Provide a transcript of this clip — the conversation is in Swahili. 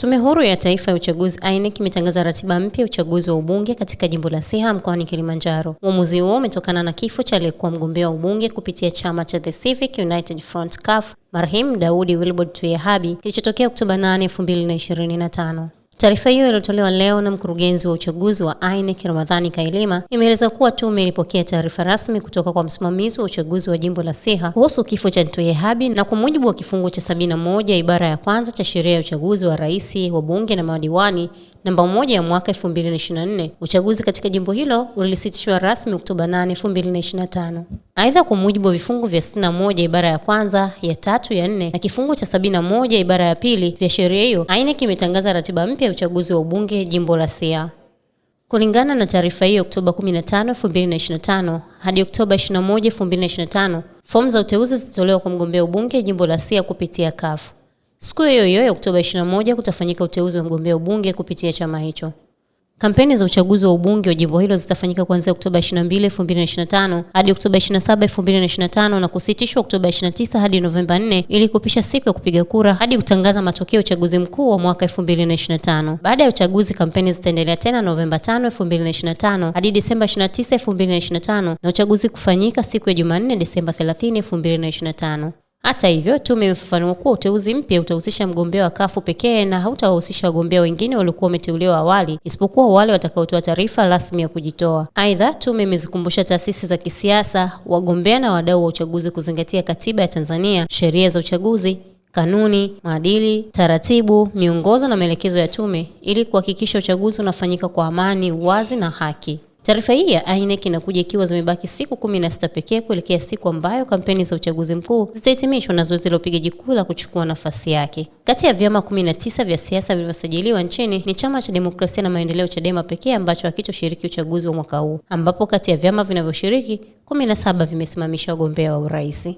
Tume Huru ya Taifa ya Uchaguzi INEC imetangaza ratiba mpya ya uchaguzi wa ubunge katika jimbo la Siha mkoani Kilimanjaro. Uamuzi huo umetokana na kifo cha aliyekuwa mgombea wa ubunge kupitia chama cha The Civic United Front CUF marehemu Daudi Wilbard Tuyehabi kilichotokea Oktoba 8, 2025. Taarifa hiyo iliyotolewa leo na mkurugenzi wa uchaguzi wa INEC Ramadhani Kailima imeeleza kuwa tume ilipokea taarifa rasmi kutoka kwa msimamizi wa uchaguzi wa jimbo la Siha kuhusu kifo cha ntuyehabi na kwa mujibu wa kifungu cha moja ibara ya kwanza cha sheria ya uchaguzi wa rais, wabunge na madiwani namba moja ya mwaka 2024. Uchaguzi katika jimbo hilo ulisitishwa rasmi Oktoba 8, 2025. Aidha, kwa mujibu wa vifungu vya 61 ibara ya kwanza, ya tatu, ya nne na kifungu cha 71 ibara ya pili vya sheria hiyo, ainek imetangaza ratiba mpya ya uchaguzi wa ubunge jimbo la sia Kulingana na taarifa hiyo, Oktoba 15, 2025 hadi Oktoba 21, 2025, fomu za uteuzi zitatolewa kwa mgombea ubunge jimbo la sia kupitia kafu Siku hiyo hiyo ya Oktoba 21 kutafanyika uteuzi wa mgombea ubunge kupitia chama hicho. Kampeni za uchaguzi wa ubunge wa jimbo hilo zitafanyika kuanzia Oktoba 22, 2025 hadi Oktoba 27, 2025 na kusitishwa Oktoba 29 hadi Novemba 4 ili kupisha siku ya kupiga kura hadi kutangaza matokeo ya uchaguzi mkuu wa mwaka 2025. Baada ya uchaguzi, kampeni zitaendelea tena Novemba 5, 2025 hadi Disemba 29, 2025 na uchaguzi kufanyika siku ya Jumanne, Disemba 30, 2025. Hata hivyo, tume imefafanua kuwa uteuzi mpya utahusisha mgombea wa kafu pekee na hautawahusisha wagombea wengine waliokuwa wameteuliwa awali isipokuwa wale watakaotoa taarifa rasmi ya kujitoa. Aidha, tume imezikumbusha taasisi za kisiasa, wagombea na wadau wa uchaguzi kuzingatia katiba ya Tanzania, sheria za uchaguzi kanuni, maadili, taratibu, miongozo na maelekezo ya tume ili kuhakikisha uchaguzi unafanyika kwa amani, wazi na haki. Taarifa hii ya INEC inakuja ikiwa zimebaki siku kumi na sita pekee kuelekea siku ambayo kampeni za uchaguzi mkuu zitahitimishwa na zoezi la upigaji kura kuchukua nafasi yake. Kati ya vyama 19 vya siasa vilivyosajiliwa nchini ni chama cha demokrasia na maendeleo CHADEMA pekee ambacho hakitoshiriki uchaguzi wa mwaka huu, ambapo kati ya vyama vinavyoshiriki 17 vimesimamisha wagombea wa urais.